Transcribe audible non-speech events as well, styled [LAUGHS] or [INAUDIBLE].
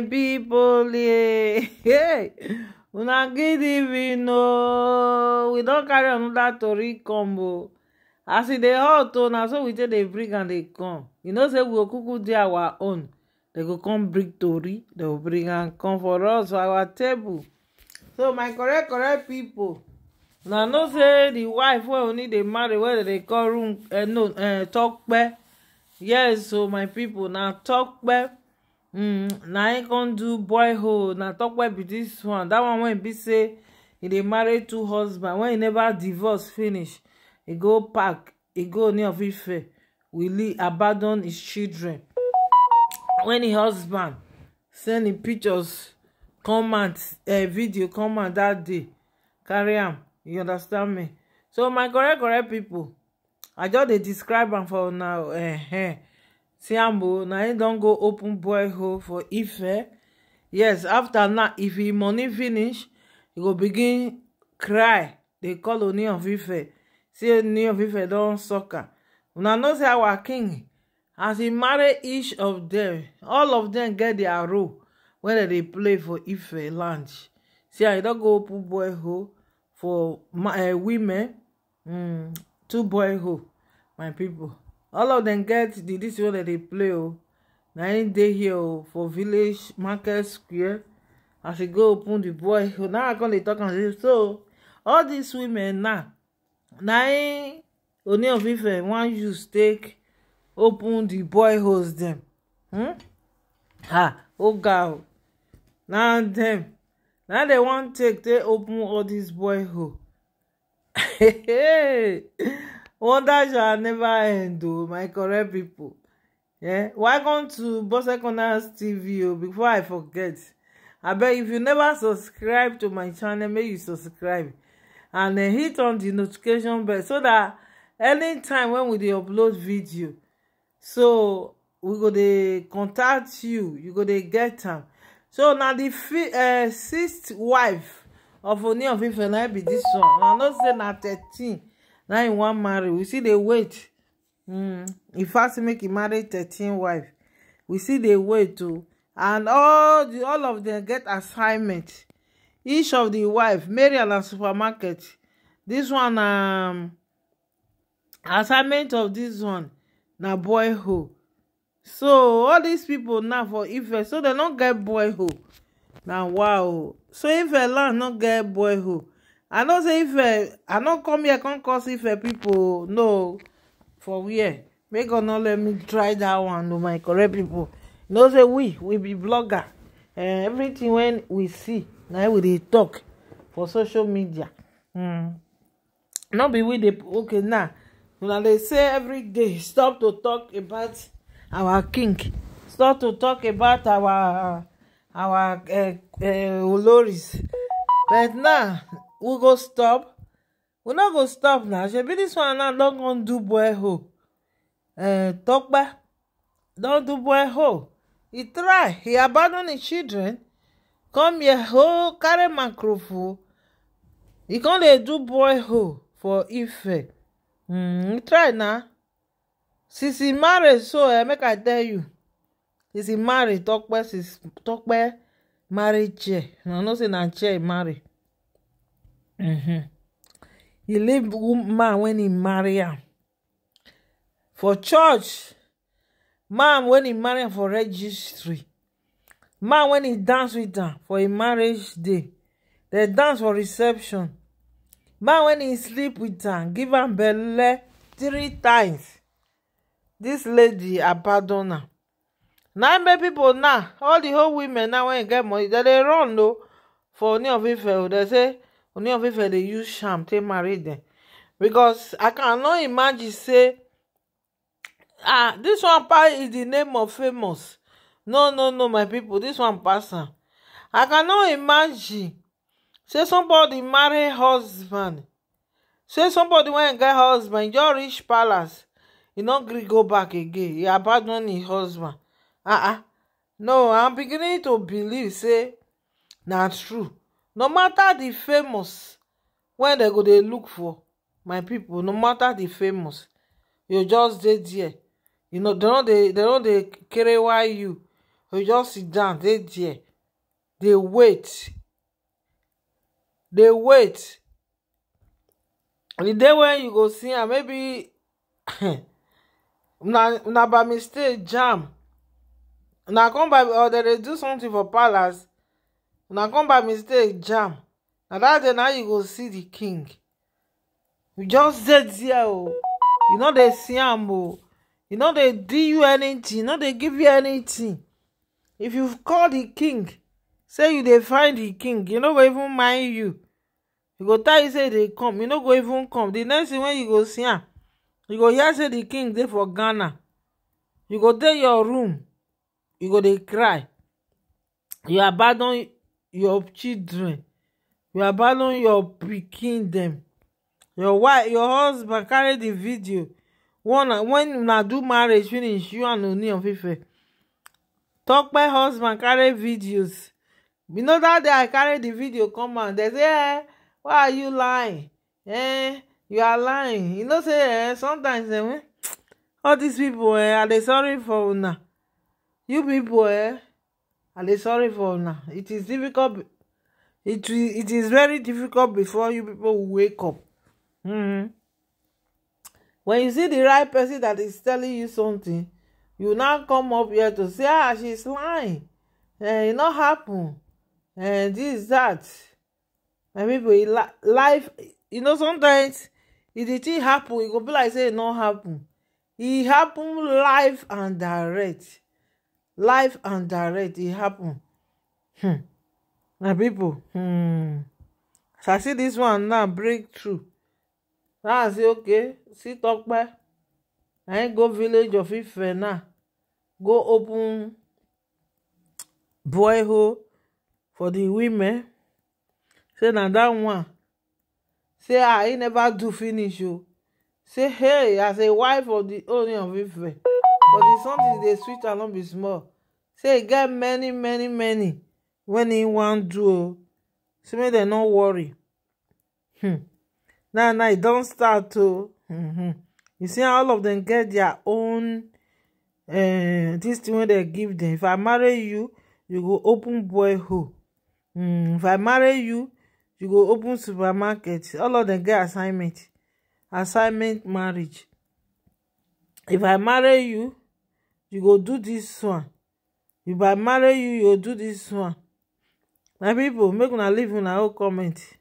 my yeah, hey una good evening ooo we don carry another tori combo. as e dey hot o na so we take dey bring am dey come you know say we go kuku do our own dem go come bring tori dem go bring am come for us for our table so my correct correct pipo na know say di wife wey oni dey marry wey dem dey call room eh, no eh, tope yes o my pipo na tope Hmm, na I come do boyhood Now talk about this one that one when be say he dey marry two husbands when he never divorce finish He go park He go near of We leave. abandon his children When him husband send him pictures comment uh, eh, video comment that day carry am you understand me so my correct correct people. i just dey describe am for now uh, tiambo Now him don't go open borehole for ife yes after that, if him money finish he go begin cry They call oni of ife See, oni of ife don soccer una know say our king as he marry each of them, all of them get dia role when they play for ife lunch. see i don't go open borehole for my eh, women mm, two boy borehole my people all of them get the dis wey dem dey play Oh, na im day here Oh, for village market square as e go open the boy oh, now i come dey talk am say so all these women now na im only of if they want use take open the boy holes them. hmm? ha oh o Now them, now they want take they open all these boy hole [LAUGHS] wonder shall never end o my correct people. yeah welcome to Bose Corners TV Oh, before i forget abeg if you never subscribe to my channel make you subscribe and uh, hit on the notification bell so that anytime when we upload video so we go to contact you you go to get them. so now na di eh, sixth wife of Ooni of Ife na be this one I'm not saying say na thirteen Now him wan marry we see they wait hmm e fast make e marry thirteen wife we see they wait too, oh. and all the all of them get assignment each of the wife mariam na supermarket This one um, assignment of this one na boy who. so all these people now for ife so they don't get boy who. Now wow so ife land no get boy who i know say ife eh, i no come here come cause if ife eh, people know for where May god not let me try that one to my correct people you know say we we be blogger uh, everything when we see now we dey talk for social media mm. no be with the okay now nah. una dey say every day [LAUGHS] stop to talk about our king stop to talk about our our uh, uh, oloris but now. Nah, we go stop we no go stop na shebi dis one now don go do borehole eh tokpa don do borehole e try e abandon his children come here ho carry microphone e come dey do borehole for ife hmm try na since he marry so eh make i tell you since e marry tokpe since tokpe marry chair no know say na chair e marry Mm-hmm. He leave man when he marry her. For church, man when he marry am for registry. Man when he dance with her for a marriage day. They dance for reception. Man when he sleep with her, give her belle three times. This lady abandon pardon her. im many people now all the whole women now when e get money they run though for any of ife o They say Ooni of Ife dey use charm take marry dem because I cannot imagine say ah this one part is the name of famous no no no my people this one person. I cannot imagine say somebody marry husband say somebody when get husband just reach palace e no gree go back again e abandon his husband ah ah no I'm beginning to believe say not true no matter the famous wey they go they look for my people. no matter the famous you just dead there you know they they don't don't they dey why you you just sit down dey there They wait They wait The day when you go see her, maybe [CLEARS THROAT] na by mistake jam na come by or they do something for palace una come by mistake jam na dat day na you go see the king you just dey there oh, you no dey see am oh, you no dey do you anything, you no dey give you anything. if you call the king say you dey find the king e no go even mind you e go tell you say e dey come e no go even come The next thing wey you go see am you go hear say the king dey for ghana you go dey your room you go dey cry you abandon your children you abandon your pikin dem your wife your husband carry di video wen una do marriage finish you and oni of ife tope husband carry videos you know dat day i carry di video come out dem say eh why are you lying eh you are lying you know say eh sometimes dem eh, all dis pipo eh i dey sorry for una you pipo eh Are they sorry for now? It is difficult. It, it is very difficult before you people wake up. Mm-hmm. When you see the right person that is telling you something, you now come up here to say, ah, she's lying. Eh, it e not happen. And eh, this, is that. My people, e li life, you know, sometimes if the thing happen, it e go be like say it not happen. It happen live and direct live and direct e happen hmm. na pipo hmm. as i see this one now breakthrough now i say okay see tope na im go village of ife now go open boy hole for the women say na that one say ah e never do finish o oh. say hey as a wife of the owner of ife but di something dey sweet am no be small say e get many many many when he want do so make they not worry hmm now now e don start o hmm you see all of them get their own uh, dis thing wey dem give them. if i marry you you go open boy who. hmm if i marry you you go open supermarket all of them get assignment assignment marriage if i marry you you go do this one if i marry you you do this one my people make una leave una own comment